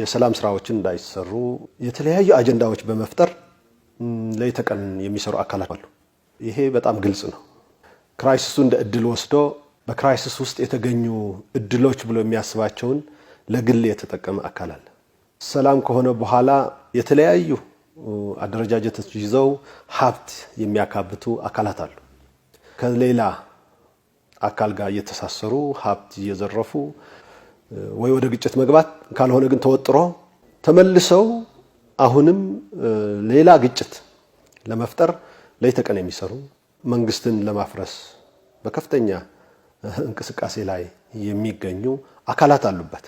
የሰላም ስራዎችን እንዳይሰሩ የተለያዩ አጀንዳዎች በመፍጠር ለይተቀን የሚሰሩ አካላት አሉ። ይሄ በጣም ግልጽ ነው። ክራይሲሱ እንደ እድል ወስዶ በክራይሲስ ውስጥ የተገኙ እድሎች ብሎ የሚያስባቸውን ለግል የተጠቀመ አካል አለ። ሰላም ከሆነ በኋላ የተለያዩ አደረጃጀቶች ይዘው ሀብት የሚያካብቱ አካላት አሉ። ከሌላ አካል ጋር እየተሳሰሩ ሀብት እየዘረፉ ወይ ወደ ግጭት መግባት ካልሆነ ግን ተወጥሮ ተመልሰው አሁንም ሌላ ግጭት ለመፍጠር ሌት ተቀን የሚሰሩ መንግስትን ለማፍረስ በከፍተኛ እንቅስቃሴ ላይ የሚገኙ አካላት አሉበት።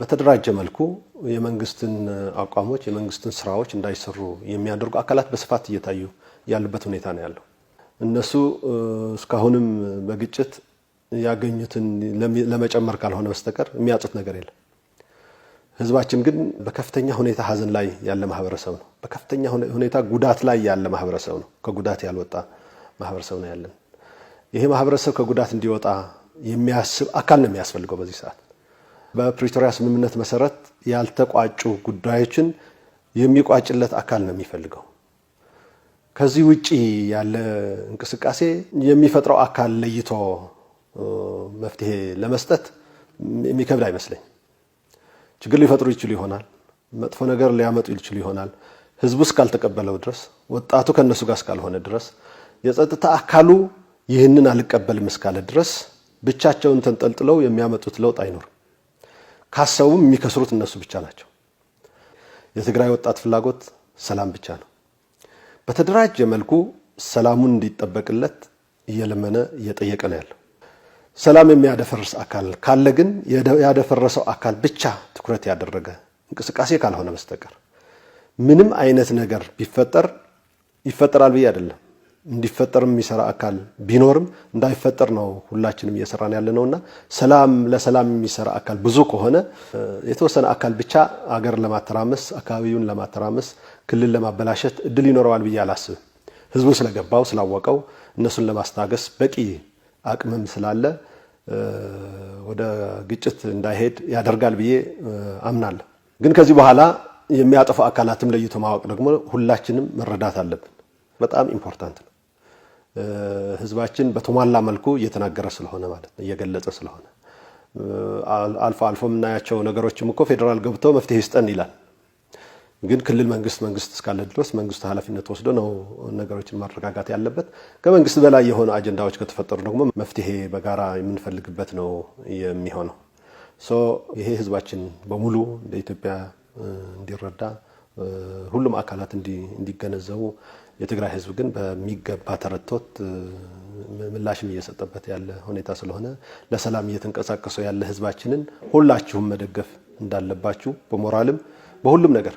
በተደራጀ መልኩ የመንግስትን አቋሞች፣ የመንግስትን ስራዎች እንዳይሰሩ የሚያደርጉ አካላት በስፋት እየታዩ ያሉበት ሁኔታ ነው ያለው። እነሱ እስካሁንም በግጭት ያገኙትን ለመጨመር ካልሆነ በስተቀር የሚያጡት ነገር የለም። ህዝባችን ግን በከፍተኛ ሁኔታ ሀዘን ላይ ያለ ማህበረሰብ ነው። በከፍተኛ ሁኔታ ጉዳት ላይ ያለ ማህበረሰብ ነው። ከጉዳት ያልወጣ ማህበረሰብ ነው ያለን። ይሄ ማህበረሰብ ከጉዳት እንዲወጣ የሚያስብ አካል ነው የሚያስፈልገው። በዚህ ሰዓት በፕሪቶሪያ ስምምነት መሰረት ያልተቋጩ ጉዳዮችን የሚቋጭለት አካል ነው የሚፈልገው። ከዚህ ውጪ ያለ እንቅስቃሴ የሚፈጥረው አካል ለይቶ መፍትሄ ለመስጠት የሚከብድ አይመስለኝ። ችግር ሊፈጥሩ ይችሉ ይሆናል፣ መጥፎ ነገር ሊያመጡ ይችሉ ይሆናል። ህዝቡ እስካልተቀበለው ድረስ፣ ወጣቱ ከእነሱ ጋር እስካልሆነ ድረስ፣ የጸጥታ አካሉ ይህንን አልቀበልም እስካለ ድረስ ብቻቸውን ተንጠልጥለው የሚያመጡት ለውጥ አይኖርም። ካሰቡም የሚከስሩት እነሱ ብቻ ናቸው። የትግራይ ወጣት ፍላጎት ሰላም ብቻ ነው። በተደራጀ መልኩ ሰላሙን እንዲጠበቅለት እየለመነ እየጠየቀ ነው ያለው። ሰላም የሚያደፈርስ አካል ካለ ግን ያደፈረሰው አካል ብቻ ትኩረት ያደረገ እንቅስቃሴ ካልሆነ በስተቀር ምንም አይነት ነገር ቢፈጠር ይፈጠራል ብዬ አይደለም። እንዲፈጠር የሚሰራ አካል ቢኖርም እንዳይፈጠር ነው ሁላችንም እየሰራን ያለ ነውና ሰላም ለሰላም የሚሰራ አካል ብዙ ከሆነ የተወሰነ አካል ብቻ አገር ለማተራመስ፣ አካባቢውን ለማተራመስ፣ ክልል ለማበላሸት እድል ይኖረዋል ብዬ አላስብም። ህዝቡ ስለገባው ስላወቀው እነሱን ለማስታገስ በቂ አቅምም ስላለ ወደ ግጭት እንዳይሄድ ያደርጋል ብዬ አምናለሁ። ግን ከዚህ በኋላ የሚያጠፉ አካላትም ለይቶ ማወቅ ደግሞ ሁላችንም መረዳት አለብን። በጣም ኢምፖርታንት ነው። ህዝባችን በተሟላ መልኩ እየተናገረ ስለሆነ ማለት ነው፣ እየገለጸ ስለሆነ አልፎ አልፎ የምናያቸው ነገሮችም እኮ ፌዴራል ገብቶ መፍትሄ ይስጠን ይላል። ግን ክልል መንግስት መንግስት እስካለ ድረስ መንግስት ኃላፊነት ወስዶ ነው ነገሮችን ማረጋጋት ያለበት። ከመንግስት በላይ የሆኑ አጀንዳዎች ከተፈጠሩ ደግሞ መፍትሄ በጋራ የምንፈልግበት ነው የሚሆነው። ይሄ ህዝባችን በሙሉ እንደ ኢትዮጵያ እንዲረዳ ሁሉም አካላት እንዲገነዘቡ የትግራይ ህዝብ ግን በሚገባ ተረቶት ምላሽም እየሰጠበት ያለ ሁኔታ ስለሆነ ለሰላም እየተንቀሳቀሰው ያለ ህዝባችንን ሁላችሁም መደገፍ እንዳለባችሁ በሞራልም በሁሉም ነገር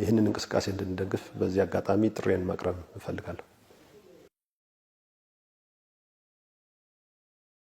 ይህንን እንቅስቃሴ እንድንደግፍ በዚህ አጋጣሚ ጥሬን ማቅረብ እፈልጋለሁ።